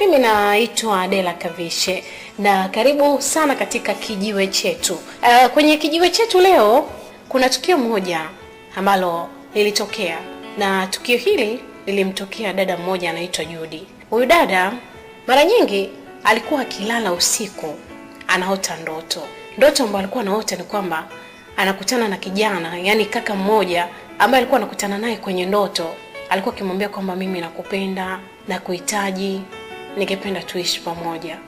Mimi naitwa Adela Kavishe na karibu sana katika kijiwe chetu. Uh, kwenye kijiwe chetu leo kuna tukio moja ambalo lilitokea, na tukio hili lilimtokea dada mmoja anaitwa Judy. Huyu dada mara nyingi alikuwa akilala usiku anaota ndoto. Ndoto ambayo alikuwa anaota ni kwamba anakutana na kijana, yani kaka mmoja ambaye alikuwa anakutana naye kwenye ndoto. Alikuwa akimwambia kwamba mimi nakupenda, na kuhitaji ningependa tuishi pamoja.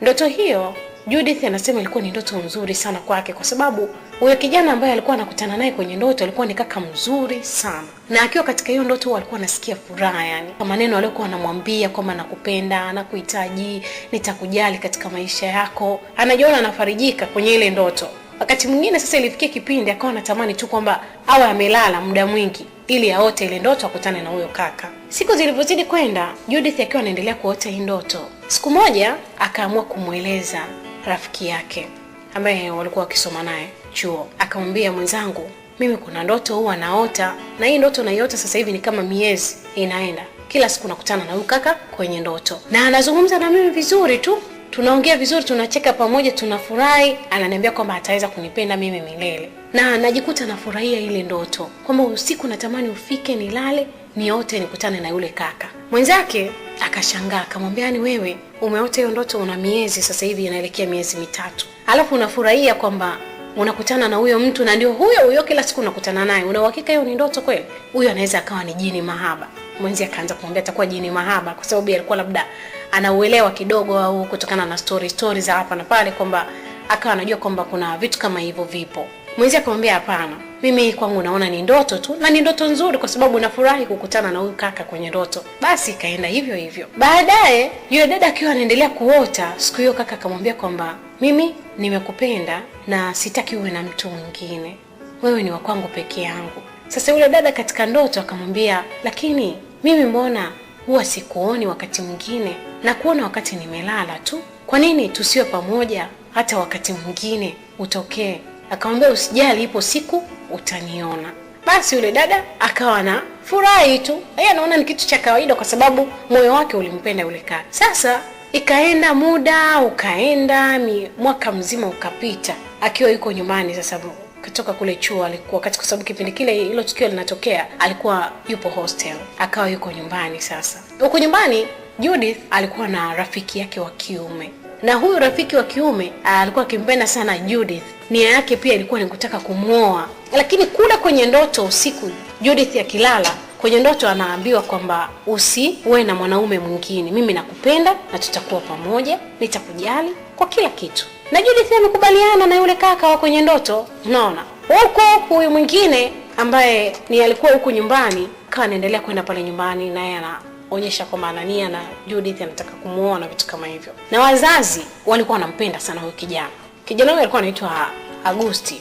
Ndoto hiyo Judith anasema ilikuwa ni ndoto nzuri sana kwake, kwa sababu huyo kijana ambaye alikuwa anakutana naye kwenye ndoto alikuwa ni kaka mzuri sana, na akiwa katika hiyo ndoto alikuwa anasikia furaha, yani maneno aliyokuwa anamwambia kwamba nakupenda, nakuhitaji, nitakujali katika maisha yako, anajiona anafarijika kwenye ile ndoto. Wakati mwingine sasa, ilifikia kipindi akawa anatamani tu kwamba awe amelala muda mwingi ili aote ile ndoto akutane na huyo kaka. Siku zilivyozidi kwenda, Judith akiwa anaendelea kuota hii ndoto, siku moja akaamua kumweleza rafiki yake ambaye walikuwa wakisoma naye chuo, akamwambia mwenzangu, mimi kuna ndoto huwa naota, na hii ndoto naiota sasa hivi ni kama miezi inaenda, kila siku nakutana na huyu kaka kwenye ndoto na anazungumza na mimi vizuri tu tunaongea vizuri, tunacheka pamoja, tunafurahi. Ananiambia kwamba ataweza kunipenda mimi milele, na najikuta nafurahia ile ndoto kwamba usiku natamani ufike, nilale, niote, nikutane na yule kaka mwenzake. Akashangaa, akamwambia ni yaani wewe umeota hiyo ndoto, una miezi sasa hivi inaelekea miezi mitatu, alafu unafurahia kwamba unakutana na huyo mtu na ndio huyo huyo, kila siku unakutana naye. Una uhakika hiyo ni ndoto kweli? Huyo anaweza akawa ni jini mahaba. Mwenzi akaanza kumwambia atakuwa jini mahaba, kwa sababu alikuwa labda anauelewa kidogo, au kutokana na story story za hapa na pale, kwamba akawa anajua kwamba kuna vitu kama hivyo vipo. Mwenzi akamwambia hapana, mimi kwangu naona ni ndoto tu, na ni ndoto nzuri, kwa sababu nafurahi kukutana na huyu kaka kwenye ndoto. Basi ikaenda hivyo hivyo. Baadaye yule dada akiwa anaendelea kuota, siku hiyo kaka akamwambia kwamba mimi nimekupenda na sitaki uwe na mtu mwingine, wewe ni wa kwangu peke yangu. Sasa yule dada katika ndoto akamwambia, lakini mimi mbona huwa sikuoni wakati mwingine na kuona wakati nimelala tu. Kwa nini tusiwe pamoja hata wakati mwingine utokee? Akamwambia usijali, ipo siku utaniona. Basi yule dada akawa na furahi tu, yeye anaona ni kitu cha kawaida, kwa sababu moyo wake ulimpenda yule kaka. Sasa ikaenda muda ukaenda, mwaka mzima ukapita akiwa yuko nyumbani. Sasa kutoka kule chuo alikuwa kati, kwa sababu kipindi kile hilo tukio linatokea alikuwa yupo hostel, akawa yuko nyumbani. Sasa huko nyumbani Judith alikuwa na rafiki yake wa kiume, na huyu rafiki wa kiume ah, alikuwa akimpenda sana Judith. Nia yake pia ilikuwa ni kutaka kumwoa, lakini kula kwenye ndoto usiku, Judith akilala kwenye ndoto anaambiwa kwamba usiwe na mwanaume mwingine, mimi nakupenda na tutakuwa pamoja, nitakujali kwa kila kitu. Na Judith amekubaliana na yule kaka wa kwenye ndoto. Unaona, huko huyu mwingine ambaye ni alikuwa huku nyumbani, kawa anaendelea kwenda pale nyumbani, naye onyesha kwamba Anania na Judith anataka kumuona vitu kama hivyo. Na wazazi walikuwa wanampenda sana huyo kijana. Kijana huyo alikuwa anaitwa Agusti.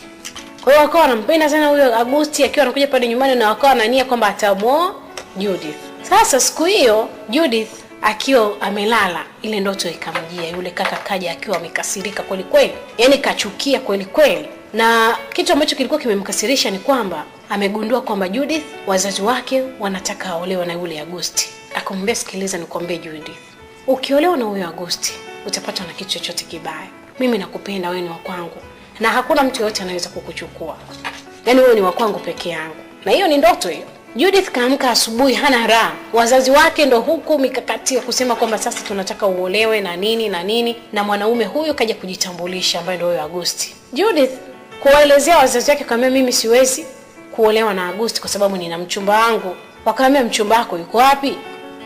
Kwa hiyo wakawa wanampenda sana huyo Agusti, akiwa anakuja pale nyumbani na wakawa wanania kwamba atamuoa Judith. Sasa siku hiyo Judith akiwa amelala, ile ndoto ikamjia. Yule kaka kaja akiwa amekasirika kweli kweli, yaani kachukia kweli kweli, na kitu ambacho kilikuwa kimemkasirisha ni kwamba amegundua kwamba Judith, wazazi wake wanataka aolewe na yule Agusti akamwambia sikiliza, nikwambie Judith, ukiolewa na huyo Agosti utapatwa na kitu chochote kibaya. Mimi nakupenda, wewe ni wa kwangu na hakuna mtu yoyote anaweza kukuchukua, yaani wewe ni wa kwangu peke yangu. Na hiyo ni ndoto hiyo. Judith kaamka asubuhi hana raha, wazazi wake ndo huku mikakati ya kusema kwamba sasa tunataka uolewe na nini na nini, na mwanaume huyu kaja kujitambulisha, ambaye ndo huyo Agosti. Judith kuwaelezea wazazi wake, kaambia mimi siwezi kuolewa na Agosti kwa sababu nina mchumba wangu. Wakaambia mchumba wako yuko wapi?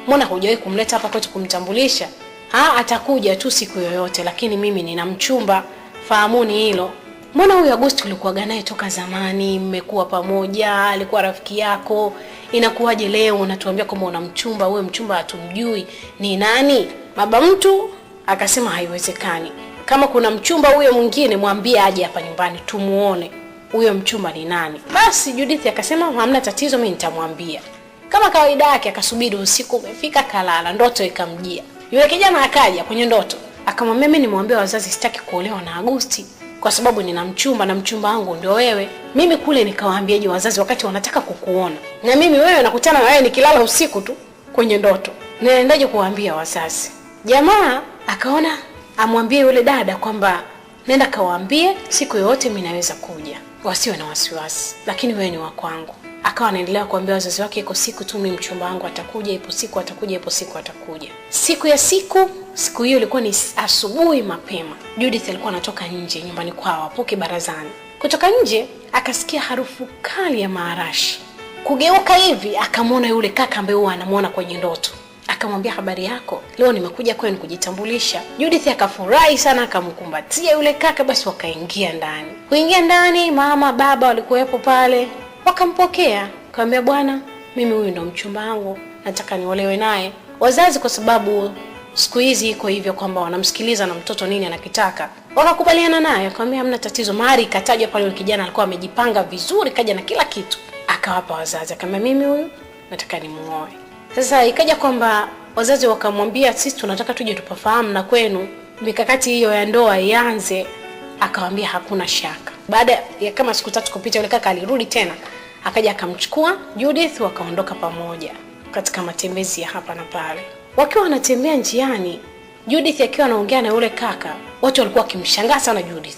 mbona hujawahi kumleta hapa kwetu kumtambulisha? Ha, atakuja tu siku yoyote, lakini mimi nina mchumba, fahamuni hilo. Mbona huyu Agosti ulikuwaga naye toka zamani, mmekuwa pamoja, alikuwa rafiki yako, inakuwaje leo unatuambia kwamba una mchumba? Wewe mchumba hatumjui ni nani? Baba mtu akasema haiwezekani, kama kuna mchumba huyo mwingine mwambie aje hapa nyumbani tumuone huyo mchumba ni nani. Basi Judith akasema hamna tatizo, mimi nitamwambia. Kama kawaida yake, akasubiri usiku umefika, kalala. Ndoto ikamjia yule kijana, akaja kwenye ndoto akamwambia, mimi nimwambia wazazi sitaki kuolewa na Agosti kwa sababu nina mchumba na mchumba wangu ndio wewe. Mimi kule nikawaambiaje wazazi wakati wanataka kukuona na mimi wewe, nakutana na wewe nikilala usiku tu kwenye ndoto, naendaje kuwaambia wazazi? Jamaa akaona amwambie yule dada kwamba nenda kawaambie siku yoyote mimi naweza kuja, wasiwe na wasiwasi, lakini wewe ni wa kwangu akawa anaendelea kuambia wazazi wake, iko siku tu mimi mchumba wangu atakuja, ipo siku atakuja, ipo siku atakuja. Siku ya siku, siku hiyo ilikuwa ni asubuhi mapema. Judith alikuwa anatoka nje nyumbani kwao, apoke barazani. Kutoka nje akasikia harufu kali ya maarashi. Kugeuka hivi akamwona yule kaka ambaye huwa anamwona kwenye ndoto. Akamwambia, habari yako, leo nimekuja kwenu kujitambulisha. Judith akafurahi sana, akamkumbatia yule kaka. Basi wakaingia ndani. Kuingia ndani, mama baba walikuwepo pale Wakampokea kawambia, bwana, mimi huyu ndo mchumba wangu, nataka niolewe naye. Wazazi kwa sababu siku hizi iko hivyo kwamba wanamsikiliza na mtoto nini anakitaka, wakakubaliana naye, akamwambia hamna tatizo. Mahari ikatajwa pale, yule kijana alikuwa amejipanga vizuri, kaja na kila kitu, akawapa wazazi, akamwambia mimi huyu nataka nimuoe. Sasa ikaja kwamba wazazi wakamwambia, sisi tunataka tuje tupafahamu na kwenu mikakati hiyo ya ndoa ianze. Akawambia hakuna shaka. Baada ya kama siku tatu kupita, yule kaka alirudi tena, akaja akamchukua Judith, wakaondoka pamoja katika matembezi ya hapa na pale. Wakiwa wanatembea njiani, Judith akiwa anaongea na yule kaka, watu walikuwa wakimshangaa sana Judith,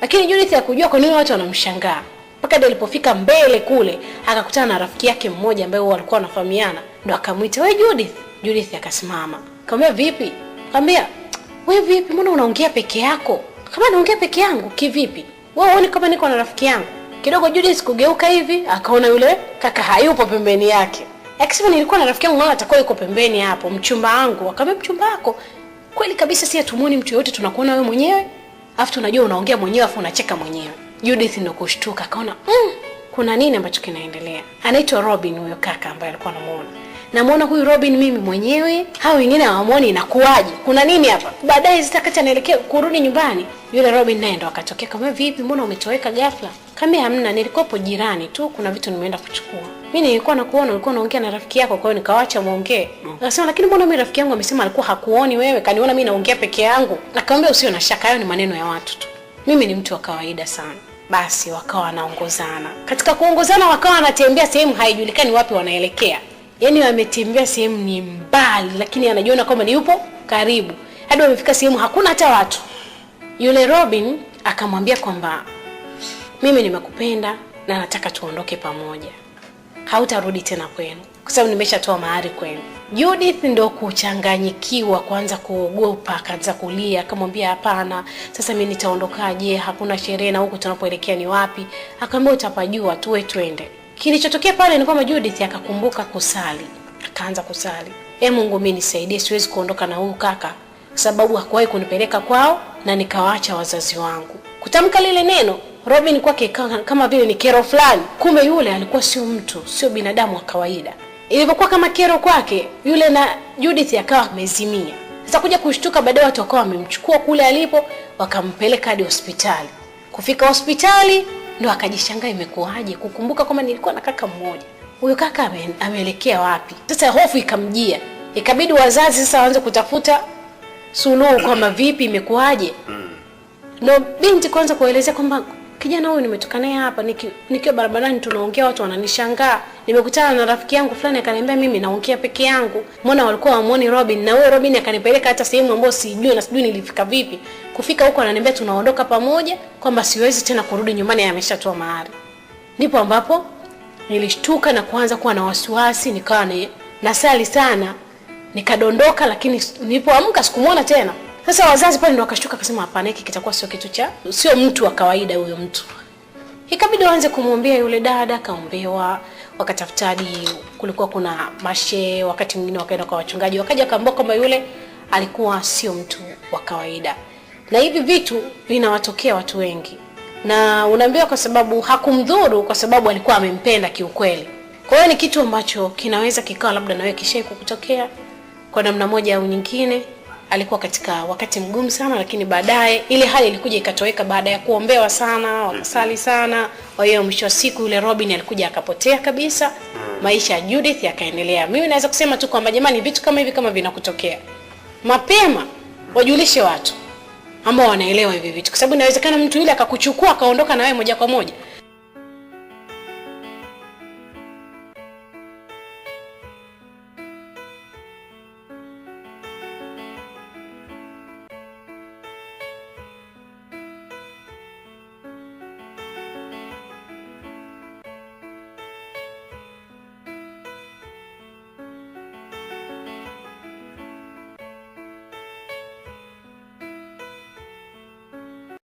lakini Judith hakujua kwa nini watu wanamshangaa mpaka ndio alipofika mbele kule akakutana na rafiki yake mmoja ambaye wao walikuwa wanafahamiana, ndo akamwita we Judith. Judith akasimama akamwambia vipi? Akamwambia we vipi, mbona unaongea peke yako? kama naongea peke yangu kivipi? wewe uone kama niko na rafiki yangu kidogo. Judith kugeuka hivi akaona yule kaka hayupo pembeni yake, akisema nilikuwa na rafiki yangu mwana atakuwa yuko pembeni hapo, mchumba wangu. Akamwambia mchumba wako? Kweli kabisa, si atumuoni mtu yote, tunakuona wewe mwenyewe, afu tunajua unaongea mwenyewe, afu unacheka mwenyewe. Judith ndo kushtuka, akaona mm, kuna nini ambacho kinaendelea. Anaitwa Robin huyo kaka ambaye alikuwa anamuona namwona huyu Robin mimi mwenyewe, hao wengine hawamwoni, inakuwaje? Kuna nini hapa? Baadaye zitakacha naelekea kurudi nyumbani, yule Robin naye ndo akatokea, kama vipi, mbona umetoweka ghafla? Kama hamna, nilikopo jirani tu, kuna vitu nimeenda kuchukua. Mimi nilikuwa nakuona ulikuwa unaongea na rafiki yako, kwa hiyo nikawaacha muongee. Akasema lakini mbona mimi rafiki yangu amesema alikuwa hakuoni wewe, kaniona mimi naongea peke yangu. Akamwambia usio na shaka, hayo ni maneno ya watu tu, mimi ni mtu wa kawaida sana. Basi wakawa wanaongozana, katika kuongozana wakawa wanatembea sehemu haijulikani wapi wanaelekea yani wametembea sehemu ni mbali, lakini anajiona kwamba ni yupo karibu, hadi wamefika sehemu hakuna hata watu. Yule Robin akamwambia kwamba mimi nimekupenda na nataka tuondoke pamoja, hautarudi tena kwenu kwa sababu nimeshatoa mahari kwenu. Judith ndo kuchanganyikiwa, kuanza kuogopa, akaanza kulia, akamwambia hapana, sasa mimi nitaondokaje? Hakuna sherehe na huku tunapoelekea ni wapi? Akamwambia utapajua, tuwe twende. Kilichotokea pale ni kwamba Judith akakumbuka kusali, akaanza kusali, e Mungu, mimi nisaidie, siwezi kuondoka na huyu kaka sababu hakuwahi kunipeleka kwao na nikawaacha wazazi wangu. Kutamka lile neno Robin kwake kama vile ni kero fulani, kumbe yule alikuwa sio mtu, sio binadamu wa kawaida. Ilivyokuwa kama kero kwake yule, na Judith akawa amezimia. Sasa kuja kushtuka baadaye, watu wakawa wamemchukua kule alipo, wakampeleka hadi hospitali. Kufika hospitali ndo akajishangaa imekuwaje, kukumbuka kwamba nilikuwa na kaka mmoja, huyo kaka ameelekea wapi? Sasa hofu ikamjia, ikabidi wazazi sasa waanze kutafuta suluhu kwamba vipi, imekuwaje. Mm. Ndo binti kwanza kuelezea kwamba kijana huyu nimetoka naye hapa nikiwa niki barabarani tunaongea, watu wananishangaa. Nimekutana na rafiki yangu fulani akaniambia mimi naongea peke yangu, mbona walikuwa wamwoni Robin? Na huyo Robin akanipeleka hata sehemu ambayo sijui na sijui nilifika vipi. Kufika huko ananiambia tunaondoka pamoja, kwamba siwezi tena kurudi nyumbani, ameshatoa mahari. Ndipo ambapo nilishtuka na kuanza kuwa na wasiwasi, nikawa nasali sana, nikadondoka, lakini nilipoamka sikumwona tena. Sasa wazazi pale ndo wakashtuka, akasema hapana, hiki kitakuwa sio kitu cha, sio mtu wa kawaida huyo mtu. Ikabidi waanze kumwombea yule dada, akaombewa, wakatafuta hadi kulikuwa kuna mashe, wakati mwingine wakaenda kwa wachungaji, wakaja kaambia kwamba yule alikuwa sio mtu wa kawaida, na hivi vitu vinawatokea watu wengi, na unaambiwa kwa sababu hakumdhuru, kwa sababu alikuwa amempenda kiukweli. Kwa hiyo ni kitu ambacho kinaweza kikawa labda nawe kishai kukutokea kwa namna moja au nyingine alikuwa katika wakati mgumu sana, lakini baadaye ile hali ilikuja ikatoweka baada ya kuombewa sana, wakasali sana. Kwa hiyo mwisho wa siku yule Robin alikuja akapotea kabisa, maisha ya Judith yakaendelea. Mimi naweza kusema tu kwamba jamani, vitu kama hivi kama vinakutokea mapema, wajulishe watu ambao wanaelewa hivi vitu, kwa sababu inawezekana mtu yule akakuchukua akaondoka na wewe moja kwa moja.